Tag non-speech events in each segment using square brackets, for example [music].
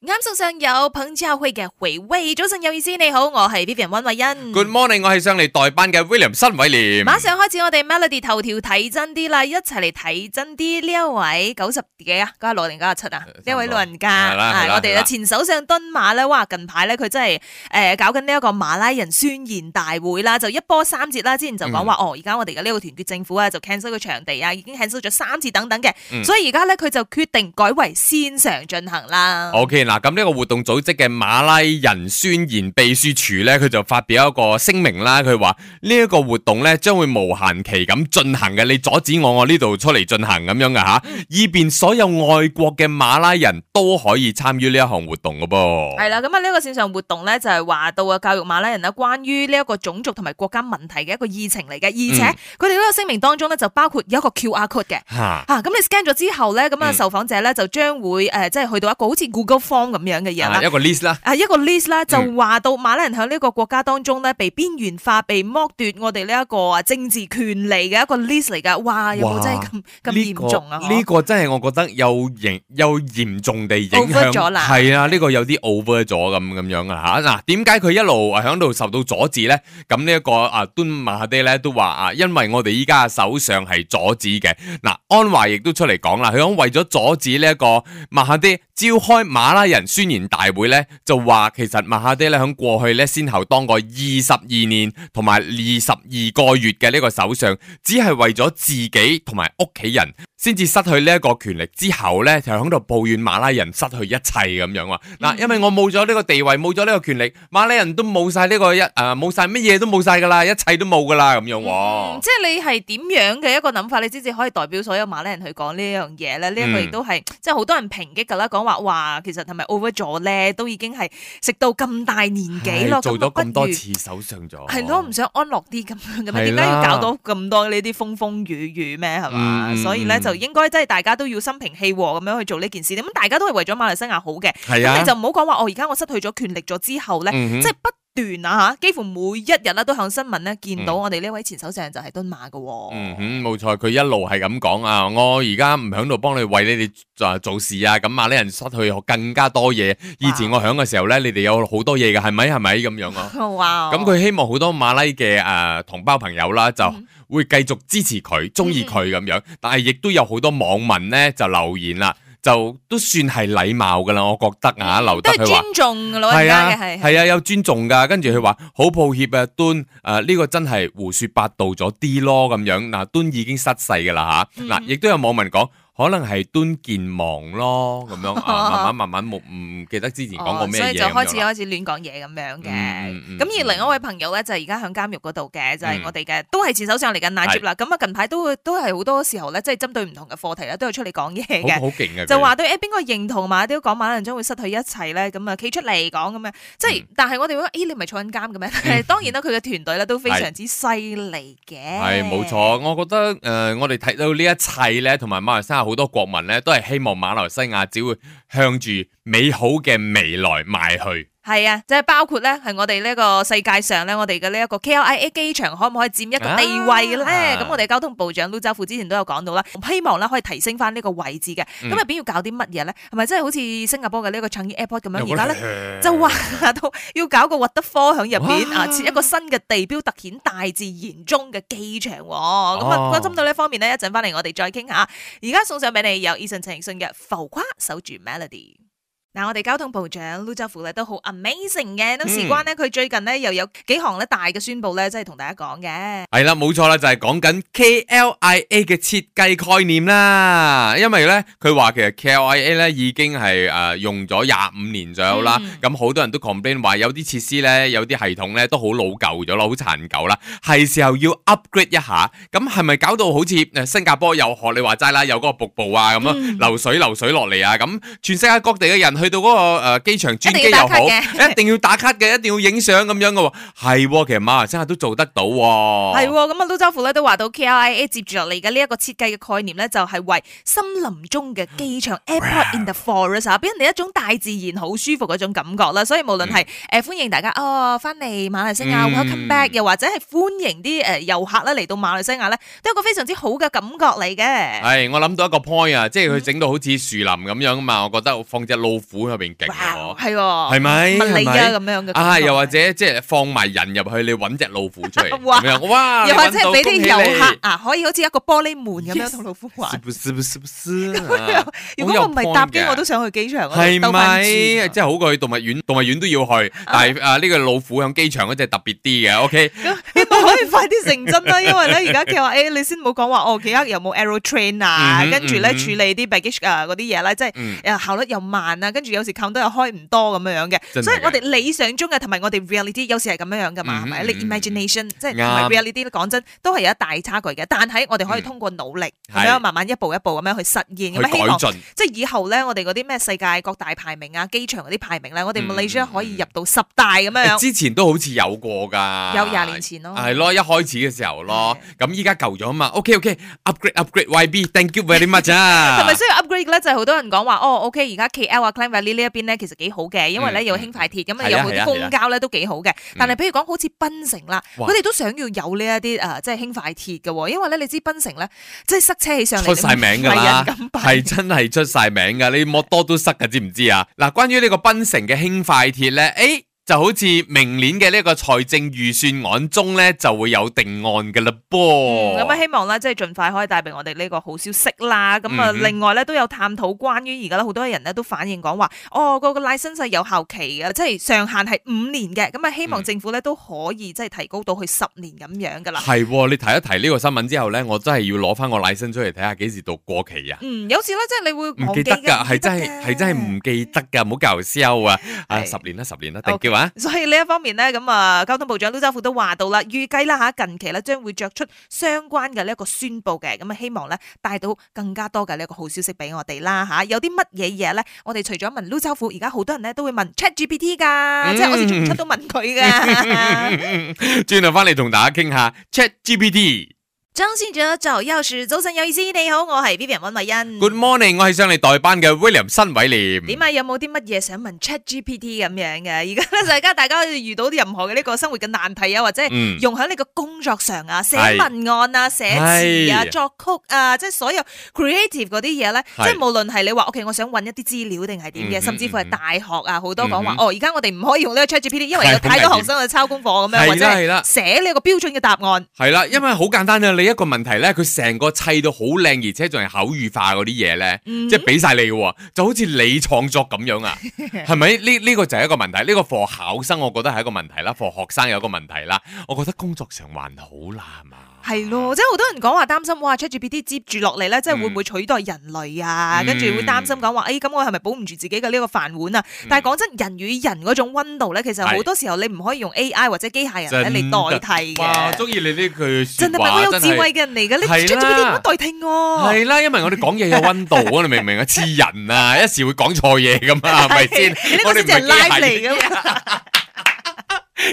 啱數上有捧之後去嘅回味。早晨有意思，你好，我係 Vivian 溫慧欣。Good morning，我係上嚟代班嘅 William 新偉廉。馬上開始，我哋 Melody 頭條睇真啲啦，一齊嚟睇真啲。呢一位九十幾啊，九十六定九十七啊，呢一位老人家。係我哋嘅前首相敦馬咧，哇，近排咧佢真係誒、呃、搞緊呢一個馬拉人宣言大會啦，就一波三折啦。之前就講話哦，而家我哋嘅呢個團結政府啊，就 cancel 個場地啊，已經 cancel 咗三次等等嘅，嗯、所以而家咧佢就決定改為線上進行啦。Okay, 嗱，咁呢個活動組織嘅馬拉人宣言秘書處咧，佢就發表一個聲明啦。佢話呢一個活動咧將會無限期咁進行嘅，你阻止我，我呢度出嚟進行咁樣嘅嚇，以便所有外國嘅馬拉人都可以參與呢一項活動嘅噃。係啦，咁啊呢個線上活動咧就係話到啊教育馬拉人啦，關於呢一個種族同埋國家問題嘅一個議程嚟嘅，而且佢哋呢個聲明當中咧就包括有一個 QR code 嘅嚇，咁你 scan 咗之後咧，咁啊受訪者咧就將會誒即係去到一個好似 Google。嗯呃咁樣嘅嘢啦，一個 list 啦，啊一個 list 啦，就話到馬來人喺呢個國家當中咧，被邊緣化，被剝奪我哋呢一個啊政治權利嘅一個 list 嚟噶，哇，有冇真係咁咁嚴重啊？呢個呢個真係我覺得又嚴又嚴重地影響咗啦，係啊，呢個有啲 over 咗咁咁樣啊吓。嗱，點解佢一路啊喺度受到阻止咧？咁呢一個啊，敦馬哈迪咧都話啊，因為我哋依家首相係阻止嘅。嗱，安華亦都出嚟講啦，佢想為咗阻止呢一個馬哈迪。召開馬拉人宣言大會咧，就話其實馬哈爹咧喺過去咧先後當過二十二年同埋二十二個月嘅呢個首相，只係為咗自己同埋屋企人，先至失去呢一個權力之後咧，就喺度抱怨馬拉人失去一切咁樣喎。嗱，因為我冇咗呢個地位，冇咗呢個權力，馬拉人都冇晒呢個一誒，冇晒乜嘢都冇晒噶啦，一切都冇噶啦咁樣。嗯嗯、即係你係點樣嘅一個諗法？你先至可以代表所有馬拉人去講呢樣嘢咧？呢一、嗯、個亦都係即係好多人抨擊噶啦，講話哇，其實係咪 over 咗咧？都已經係食到咁大年紀咯，哎、做咗咁多次手上咗，係咯，唔想安樂啲咁樣，咁點解要搞到咁多呢啲風風雨雨咩？係嘛、嗯，所以咧就應該即係大家都要心平氣和咁樣去做呢件事。咁大家都係為咗馬來西亞好嘅。咁、啊、你就唔好講話，我而家我失去咗權力咗之後咧，即係、嗯、哼不斷啊吓，幾乎每一日咧都響新聞咧見到我哋呢位前首相就係敦馬嘅、哦。嗯哼，冇錯，佢一路係咁講啊。我而家唔響度幫你為你哋啊做事啊，咁馬拉人失去更加多嘢。以前我響嘅時候咧，你哋有好多嘢嘅，係咪？係咪咁樣啊？哇！咁佢希望好多馬拉嘅誒同胞朋友啦就。嗯會繼續支持佢，中意佢咁樣，嗯、但係亦都有好多網民咧就留言啦，就都算係禮貌噶啦，我覺得啊，留得佢話係啊，係啊，啊，有尊重噶，跟住佢話好抱歉啊，敦，誒、啊、呢、呢個真係胡說八道咗啲咯，咁樣嗱、啊，敦已經失勢噶啦吓，嗱、啊，亦、嗯啊、都有網民講。可能係端健忘咯，咁樣啊，慢慢慢慢冇唔記得之前講過咩嘢咁樣，所以就開始開始亂講嘢咁樣嘅。咁而另外一位朋友咧就係而家喺監獄嗰度嘅，就係我哋嘅，都係前首相嚟嘅納吉啦。咁啊近排都都係好多時候咧，即係針對唔同嘅課題咧，都要出嚟講嘢嘅，好勁嘅。就話對誒邊個認同埋，都講馬雲將會失去一切咧，咁啊企出嚟講咁樣，即係但係我哋會，咦你唔係坐緊監嘅咩？當然啦，佢嘅團隊咧都非常之犀利嘅。係冇錯，我覺得誒我哋睇到呢一切咧，同埋馬來西亞。好多國民呢都係希望馬來西亞只會向住美好嘅未來邁去。係啊，即係包括咧，係我哋呢一個世界上咧，我哋嘅呢一個 KLIA 機場可唔可以佔一個地位嘅咧？咁、啊、我哋交通部長陸兆福之前都有講到啦，我希望啦可以提升翻呢個位置嘅。咁入邊要搞啲乜嘢咧？係咪真係好似新加坡嘅呢個 Changi Airport 咁樣？而家咧就話到要搞個沃得科響入邊啊，哇 設一個新嘅地標特顯大自然中嘅機場，哦。咁啊，針對呢方面咧，一陣翻嚟我哋再傾下。而家送上俾你有 Eason 陳奕迅嘅《浮誇》守住 Melody。我哋交通部長陸兆福咧都好 amazing 嘅，都事關呢，佢最近咧又有幾行咧大嘅宣布咧，即係同大家講嘅。係啦、嗯，冇錯啦，就係講緊 KLIA 嘅設計概念啦。因為咧佢話其實 KLIA 咧已經係誒、呃、用咗廿五年左右啦，咁好、嗯、多人都 complain 話有啲設施咧，有啲系統咧都好老舊咗啦，好殘舊啦，係時候要 upgrade 一下。咁係咪搞到好似誒新加坡又學你話齋啦，有嗰個瀑布啊咁咯，樣流水流水落嚟啊咁，全世界各地嘅人去。到嗰個誒機場專機又好，一定要打卡嘅， [laughs] 一定要影相咁樣嘅喎。係， [laughs] 其實馬來西亞都做得到。係、嗯，咁啊，盧洲富咧都話到 KLIA 接住落嚟嘅呢一個設計嘅概念咧，就係為森林中嘅機場 [laughs] Airport in the Forest 啊，俾人哋一種大自然好舒服嗰種感覺啦。所以無論係誒歡迎大家哦翻嚟馬來西亞、嗯、Welcome Back，又或者係歡迎啲誒遊客咧嚟到馬來西亞咧，都有一個非常之好嘅感覺嚟嘅。係、嗯，我諗到一個 point 啊，即係佢整到好似樹林咁樣啊嘛，我覺得放隻老虎。虎喺入邊勁喎，係喎，係咪？問你噶咁樣嘅，啊係，又或者即係放埋人入去，你搵隻老虎出嚟，哇哇！又或者俾啲遊客啊，可以好似一個玻璃門咁樣同老虎玩，如果我唔係搭機，我都想去機場係咪？即係好過去動物園，動物園都要去，但係啊呢個老虎響機場嗰隻特別啲嘅，OK。咁可可以快啲成真啦？因為咧而家佢話，誒你先冇講話哦，其他有冇 Aero Train 啊？跟住咧處理啲 baggage 啊嗰啲嘢咧，即係效率又慢啊。跟住有時 account 都有開唔多咁樣嘅，所以我哋理想中嘅同埋我哋 reality 有時係咁樣樣嘅嘛，係咪？你 imagination 即係同埋 reality 咧，講真都係有一大差距嘅。但係我哋可以通過努力咁慢慢一步一步咁樣去實現咁樣希望，即係以後咧我哋嗰啲咩世界各大排名啊、機場嗰啲排名咧，我哋 Malaysia 可以入到十大咁樣。之前都好似有過㗎，有廿年前咯，係咯，一開始嘅時候咯。咁依家舊咗嘛？OK OK，upgrade upgrade YB，thank you very much 啊。係咪需要 upgrade 咧就係好多人講話哦？OK，而家 KL 啊因為呢呢一邊咧其實幾好嘅，因為咧有輕快鐵，咁啊、嗯、有好啲公交咧都幾好嘅。但係譬如講好似檳城啦，佢哋都想要有呢一啲誒，即係輕快鐵嘅。因為咧你知檳城咧即係塞車起上嚟出晒名噶啦，係真係出晒名噶，你摸多都塞嘅，知唔知啊？嗱，關於呢個檳城嘅輕快鐵咧，誒、欸。就好似明年嘅呢個財政預算案中咧，就會有定案嘅啦噃，咁啊、嗯，希望咧即係盡快可以帶俾我哋呢個好消息啦。咁啊，另外咧、嗯、哼都有探討關於而家好多人咧都反映講話，哦、那個個 license 有效期嘅，即係上限係五年嘅。咁、嗯、啊，希望政府咧都可以即係提高到去十年咁樣噶啦。係，你提一提呢個新聞之後咧，我真係要攞翻個 license 出嚟睇下幾時到過期啊。嗯，有時咧即係你會唔記得噶，係真係，係真係唔記得噶，唔好搞笑啊，啊十年啦十年啦，第所以呢一方面咧，咁啊，交通部長陸兆福都話到啦，預計啦吓，近期咧將會作出相關嘅呢一個宣布嘅，咁啊希望咧帶到更加多嘅呢一個好消息俾我哋啦吓，有啲乜嘢嘢咧？我哋除咗問陸兆福，而家好多人咧都會問 Chat GPT 噶，嗯、即係我哋從出都問佢噶。轉頭翻嚟同大家傾下 Chat GPT。張先生早，又是早晨，有意思，你好，我係 Vivian 溫偉恩。Good morning，我係上嚟代班嘅 William 新偉廉。點解有冇啲乜嘢想問 ChatGPT 咁樣嘅？而家大家大家遇到啲任何嘅呢個生活嘅難題啊，或者用喺你個工作上啊，寫文案啊，寫詞啊，字是作曲啊，即係所有 creative 嗰啲嘢咧，是即係無論係你話 OK，我想揾一啲資料定係點嘅，嗯嗯嗯甚至乎係大學啊，好多講話、嗯嗯、哦，而家我哋唔可以用呢個 ChatGPT，因為有太多學生去、嗯嗯、抄功課咁樣，或者係啦，寫呢個標準嘅答案係啦，因為好簡單啊，你。一個問題咧，佢成個砌到好靚，而且仲係口語化啲嘢咧，即係俾晒你嘅，就好似你創作咁樣啊，係咪？呢呢個就係一個問題，呢個課考生我覺得係一個問題啦，課學生有個問題啦，我覺得工作上還好難啊。係咯，即係好多人講話擔心，哇，ChatGPT 接住落嚟咧，即係會唔會取代人類啊？跟住會擔心講話，哎，咁我係咪保唔住自己嘅呢個飯碗啊？但係講真，人與人嗰種温度咧，其實好多時候你唔可以用 AI 或者機械人嚟代替嘅。哇，中意你呢句，真係咪係我有智慧嘅人嚟㗎，你 ChatGPT 點樣代替我？係啦，因為我哋講嘢有温度啊，你明唔明啊？似人啊，一時會講錯嘢咁啊，係咪先？你呢個先係 live 嚟㗎。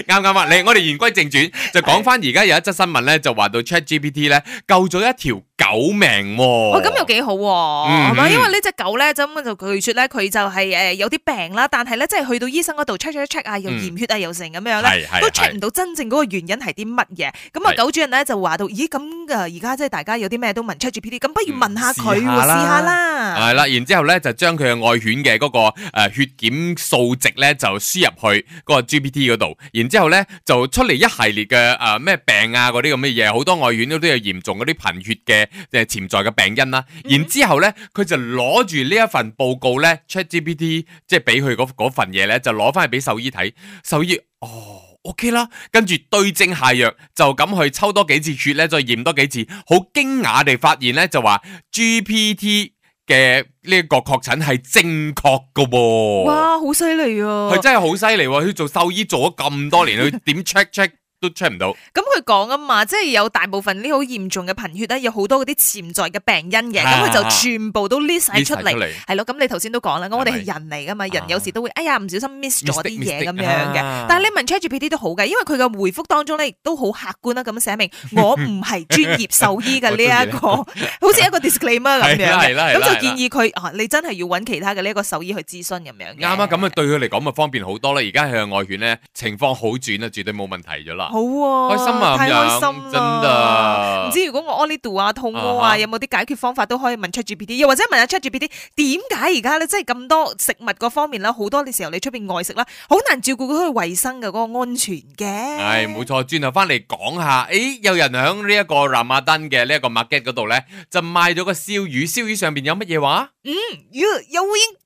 啱啱啊！你我哋言歸正傳，就講翻而家有一則新聞咧，就話到 ChatGPT 咧救咗一條狗命。哦，咁又幾好係嘛？因為呢隻狗咧，就咁就據說咧，佢就係誒有啲病啦。但係咧，即係去到醫生嗰度 check check check 啊，又驗血啊，又成咁樣咧，都 check 唔到真正嗰個原因係啲乜嘢。咁啊，狗主人咧就話到，咦咁嘅而家即係大家有啲咩都問 ChatGPT，咁不如問下佢試下啦。係啦，然之後咧就將佢嘅愛犬嘅嗰個誒血檢數值咧就輸入去個 GPT 嗰度。然之後呢，就出嚟一系列嘅誒咩病啊，嗰啲咁嘅嘢，好多外院都都有嚴重嗰啲貧血嘅誒潛在嘅病因啦。然之後呢，佢就攞住呢一份報告呢 c h e c k g p t 即係俾佢嗰份嘢呢，就攞翻去俾獸醫睇。獸醫哦，OK 啦，跟住對症下藥，就咁去抽多幾次血呢，再驗多幾次，好驚訝地發現呢，就話 GPT。嘅呢一個確診係正確噶噃，哇，好犀利啊！佢真係好犀利，佢做獸醫做咗咁多年，佢點 check check，check 唔到，咁佢講啊嘛，即係有大部分呢好嚴重嘅貧血咧，有好多嗰啲潛在嘅病因嘅，咁佢就全部都 list 晒出嚟，係咯，咁你頭先都講啦，咁我哋係人嚟噶嘛，人有時都會哎呀唔小心 miss 咗啲嘢咁樣嘅，但係你問 ChatGPT 都好嘅，因為佢嘅回覆當中咧亦都好客觀啦，咁寫明我唔係專業獸醫嘅呢一個，好似一個 disclaimer 咁樣嘅，咁就建議佢，你真係要揾其他嘅呢一個獸醫去諮詢咁樣啱啱啊，咁啊對佢嚟講啊方便好多啦，而家向外犬咧情況好轉啦，絕對冇問題咗啦。好啊！開心啊！太開心、啊、真啦的！唔知如果我屙呢度啊、肚屙啊，啊哈有冇啲解決方法都可以問 ChatGPT，又或者問下 ChatGPT，點解而家咧，即係咁多食物嗰方面啦，好多嘅時候你出邊外食啦，好難照顧佢去衛生嘅嗰個安全嘅。係冇錯，轉頭翻嚟講下，誒、哎，有人喺呢一個南馬登嘅呢一個 market 嗰度咧，就賣咗個燒魚，燒魚上邊有乜嘢話？嗯，有有烏蠅。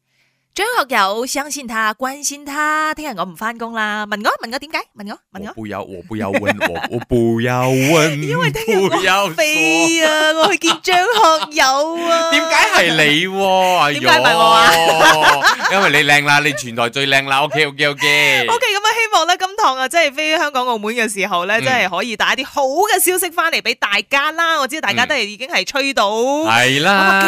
張學友相信他，關心他。聽日我唔翻工啦，問我問我點解？問我問我不要我不要問我我不要問，因為聽日我飛啊，我去見張學友啊。點解係你？點解問我啊？因為你靚啦，你全台最靚啦。OK OK OK。OK 咁啊，希望咧今趟啊即係飛香港澳門嘅時候咧，即係可以帶一啲好嘅消息翻嚟俾大家啦。我知道大家都係已經係吹到係啦。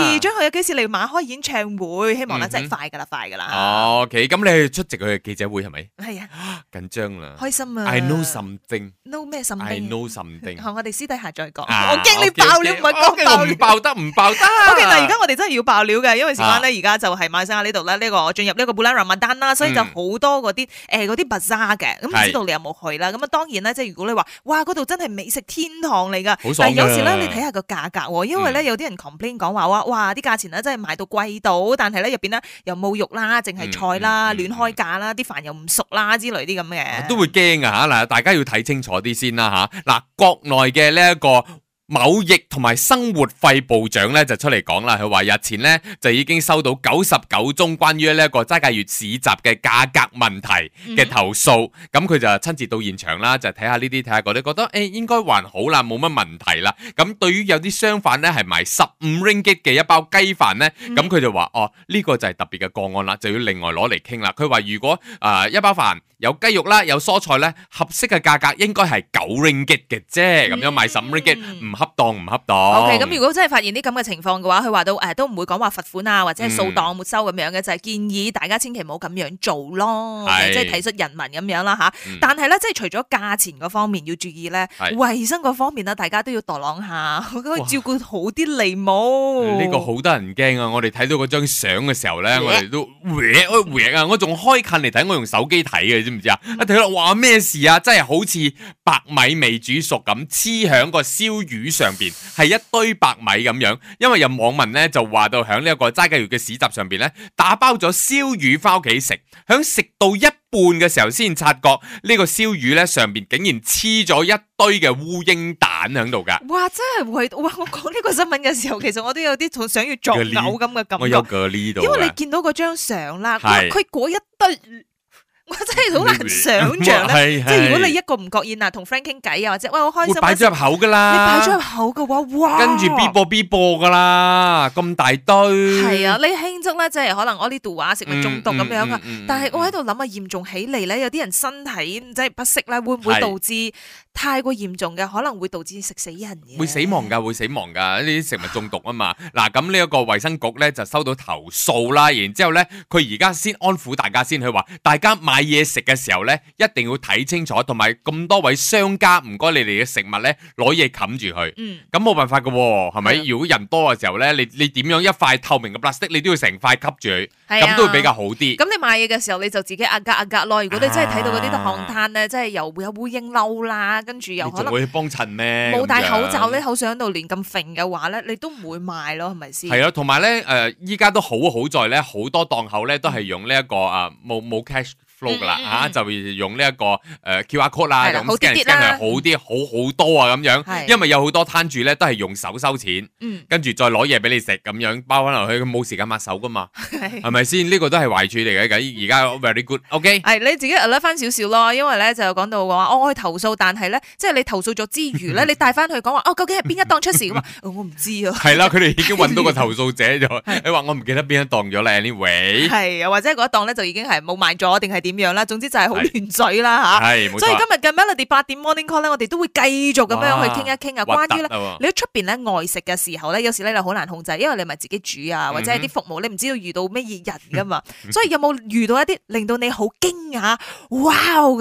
幾時張學友幾時嚟馬開演唱會？希望咧即係發。快噶啦，快噶啦！OK，咁你去出席佢嘅記者會係咪？係啊，緊張啦，開心啊！I know something，know 咩？I know something。我哋私底下再講。我驚你爆料唔係講爆料，唔爆得，唔爆得。O K，但而家我哋真係要爆料嘅，因為時間咧，而家就係馬新亞呢度咧，呢個進入呢個 Bulan Ramadan 啦，所以就好多嗰啲誒嗰啲 Bazaar 嘅，咁唔知道你有冇去啦。咁啊，當然啦，即係如果你話哇，嗰度真係美食天堂嚟噶，但係有時咧，你睇下個價格，因為咧有啲人 complain 講話哇哇啲價錢咧真係賣到貴到，但係咧入邊咧。又冇肉啦，淨係菜啦，亂、嗯嗯、開價啦，啲飯又唔熟啦，之類啲咁嘅，都會驚噶吓嗱，大家要睇清楚啲先啦吓嗱，國內嘅呢一個，貿易同埋生活費部長咧就出嚟講啦，佢話日前咧就已經收到九十九宗關於呢一個齋戒月市集嘅價格問題嘅投訴，咁佢、mm hmm. 就親自到現場啦，就睇下呢啲，睇下覺得覺得誒應該還好啦，冇乜問題啦。咁對於有啲商販咧係賣十五 ringgit 嘅一包雞飯咧，咁佢、mm hmm. 就話哦呢、這個就係特別嘅個案啦，就要另外攞嚟傾啦。佢話如果誒、呃、一包飯有雞肉啦，有蔬菜咧，合適嘅價格應該係九 ringgit 嘅啫，咁、mm hmm. 樣賣十五 ringgit 唔。恰當唔恰當？OK，咁如果真係發現啲咁嘅情況嘅話，佢話到誒、呃、都唔會講話罰款啊，或者係掃檔沒收咁樣嘅，嗯、就係建議大家千祈唔好咁樣做咯，即係睇出人民咁樣啦嚇。嗯、但係咧，即係除咗價錢嗰方面要注意咧，衞是生嗰方面啊，大家都要度浪下，嗰個嘩照顧好啲嚟冇。呢個好得人驚啊！我哋睇到嗰張相嘅時候咧、欸呃呃呃，我哋都回 o c k 啊！我仲開近嚟睇，我用手機睇嘅，知唔知啊？一睇落話咩事啊？真係好似白米未煮熟咁黐響個燒魚上邊係一堆白米咁樣，因為有網民咧就話到喺呢一個齋雞肉嘅市集上邊咧，打包咗燒魚翻屋企食，響食到一半嘅時候先察覺個燒呢個燒魚咧上邊竟然黐咗一堆嘅烏蠅蛋喺度噶。哇！真係喂！哇！我講呢個新聞嘅時候， [laughs] 其實我都有啲想想要作嘔咁嘅感覺， [laughs] 我有個呢度因為你見到嗰張相啦，佢嗰是一堆。我 [laughs] 真係好難想象啦， [laughs] 即係如果你一個唔覺意啊，同 friend 傾偈啊，或者喂我開心，我擺咗入口噶啦，你擺咗入口嘅話，哇，跟住嗶啵嗶啵噶啦，咁大堆，係啊，你輕則咧，即係可能我呢度話食物中毒咁樣噶，嗯嗯嗯嗯、但係我喺度諗啊，嚴重起嚟咧，有啲人身體即係不適咧，會唔會導致太過嚴重嘅，可能會導致食死人嘅，會死亡噶，會死亡噶，呢啲食物中毒啊嘛，嗱，咁呢一個衛生局咧就收到投訴啦，然之後咧佢而家先安撫大家，先去話大家買。買嘢食嘅時候咧，一定要睇清楚，同埋咁多位商家唔該，你哋嘅食物咧攞嘢冚住佢。嗯，咁冇辦法噶，係咪？如果人多嘅時候咧，你你點樣一塊透明嘅 plastic，你都要成塊吸住佢，咁都會比較好啲。咁你買嘢嘅時候，你就自己壓價壓價咯。如果你真係睇到嗰啲檔攤咧，真係又會有烏蠅嬲啦，跟住又可能會幫襯咩？冇戴口罩咧，口水喺度亂咁揈嘅話咧，你都唔會買咯，係咪先？係咯，同埋咧，誒，依家都好好在咧，好多檔口咧都係用呢一個啊，冇冇 cash。啦嚇，就用呢一個誒 QR code 啦，咁啲人真係好啲，好好多啊咁樣，因為有好多攤主咧都係用手收錢，跟住再攞嘢俾你食咁樣包翻落去，佢冇時間抹手噶嘛，係咪先？呢個都係壞處嚟嘅，而家 very good，OK？係你自己 alert 翻少少咯，因為咧就講到話，我去投訴，但係咧即係你投訴咗之餘咧，你帶翻去講話，哦究竟係邊一檔出事？咁我唔知啊。係啦，佢哋已經揾到個投訴者就你話我唔記得邊一檔咗啦？Anyway 係啊，或者嗰一檔咧就已經係冇賣咗定係點樣啦？總之就係好亂嘴啦吓，所以今日嘅 Melody 八點 Morning Call 咧，我哋都會繼續咁樣去傾一傾啊。關於咧，你喺出邊咧外食嘅時候咧，有時咧你好難控制，因為你咪自己煮啊，或者係啲服務你唔知道遇到咩嘢人噶嘛。所以有冇遇到一啲令到你好驚訝，哇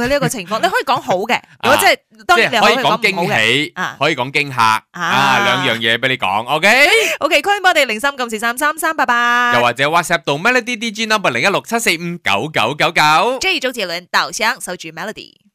嘅呢個情況？你可以講好嘅，如果即係當然你可以講驚喜，可以講驚嚇啊，兩樣嘢俾你講。OK，OK，歡迎我哋零三九四三三三八八，又或者 WhatsApp 到 DJ number 零一六七四五九九九九。這一周杰倫《稻香》搜集 Melody。